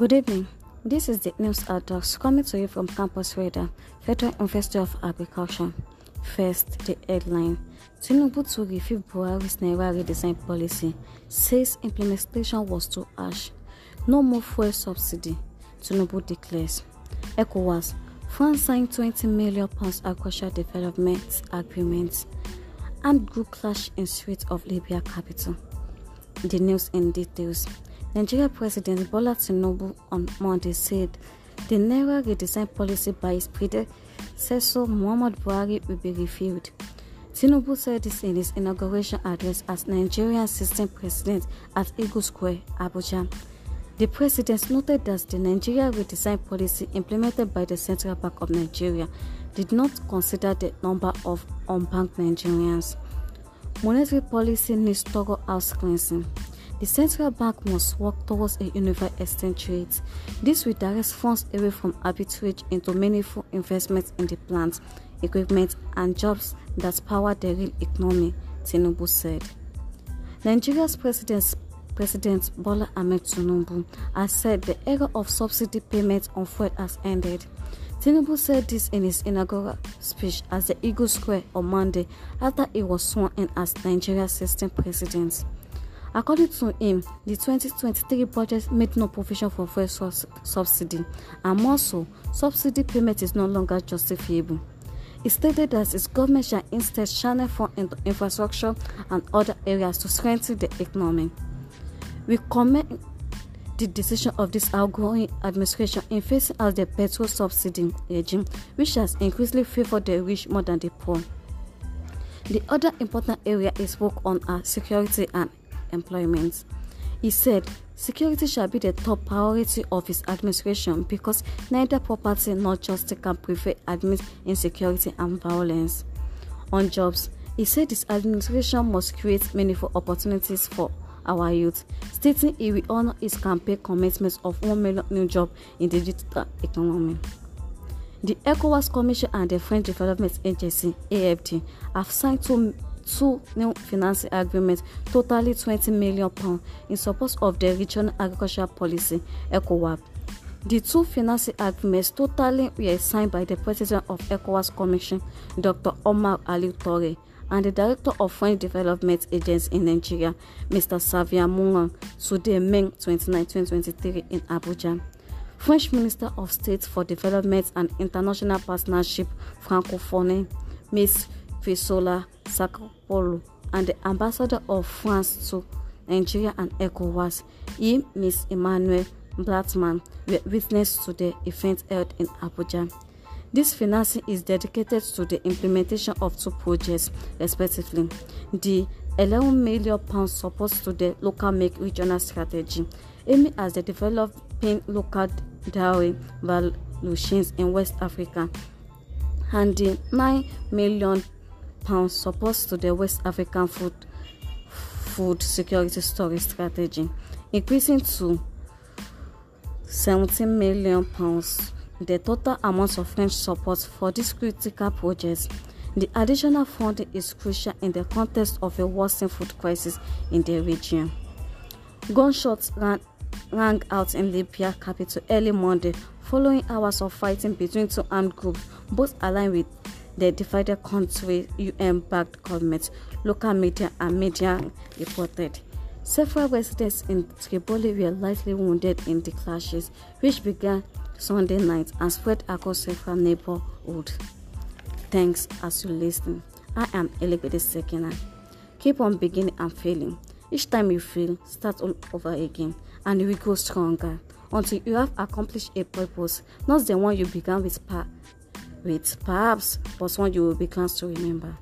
Good evening. This is the news at Docs coming to you from Campus Radar, Federal University of Agriculture. First, the headline Tinubu to review Buhari's Naira redesign policy says implementation was too harsh. No more fuel subsidy, Tinubu declares. ECOWAS France signed 20 million pounds agricultural development agreement. Armed group clash in streets of Libya capital. The news in details. Nigeria President Bola Tinubu on Monday said the Naira redesign policy by his predecessor Muhammad Buhari will be reviewed. Tinubu said this in his inauguration address as Nigerian Assistant President at Eagle Square, Abuja. The president noted that the Nigeria redesign policy implemented by the Central Bank of Nigeria did not consider the number of unbanked Nigerians. Monetary policy needs to go house cleansing the central bank must work towards a unified exchange rate. This will direct funds away from arbitrage into meaningful investments in the plants, equipment, and jobs that power the real economy, Tinubu said. Nigeria's president, President Bola Ahmed Tinubu has said the era of subsidy payments on fuel has ended. Tinubu said this in his inaugural speech at the Eagle Square on Monday after he was sworn in as Nigeria's 16th president. According to him, the 2023 budget made no provision for fuel subsidy, and more so, subsidy payment is no longer justifiable. He stated that his government shall instead channel funds into infrastructure and other areas to strengthen the economy. We commend the decision of this outgoing administration in facing out the petrol subsidy regime, which has increasingly favored the rich more than the poor. The other important area is work on our security and employment. He said, Security shall be the top priority of his administration because neither property nor justice can prevent amid insecurity and violence. On jobs, he said his administration must create meaningful opportunities for our youth, stating he will honor his campaign commitments of 1 million new jobs in the digital economy. The ECOWAS Commission and the French Development Agency, AFD, have signed two two new financing agreements totaling twenty million pounds in support of the regional agricultural policy ECOWAP. The two financing agreements totaling were signed by the president of ECOWAS Commission, Dr. Omar Ali Torre, and the director of Foreign Development Agency in Nigeria, Mr. Xavier Mungang, today, May 29, 2023, in Abuja. French Minister of State for Development and International Partnership, Francophonie, Ms. Fisola Sarkozy and the ambassador of France to Nigeria and ECOWAS, he, Ms. Emmanuel Blattman, were witness to the event held in Abuja. This financing is dedicated to the implementation of two projects, respectively. The 11 million pounds support to the local make regional strategy, aiming at the developing local dairy chains in West Africa, and the 9 million pounds support to the West African food food security storage strategy, increasing to 17 million pounds the total amount of French support for this critical project. The additional funding is crucial in the context of a worsening food crisis in the region. Gunshots rang out in Libya capital early Monday following hours of fighting between two armed groups, both aligned with the divided country, UN backed government, local media, and media reported. Several residents in Tripoli were lightly wounded in the clashes, which began Sunday night and spread across several neighborhoods. Thanks as you listen. I am Elebede Sekina. Keep on beginning and failing. Each time you fail, start all over again, and you will grow stronger until you have accomplished a purpose, not the one you began with. Pa- with perhaps for someone you will be glad to remember.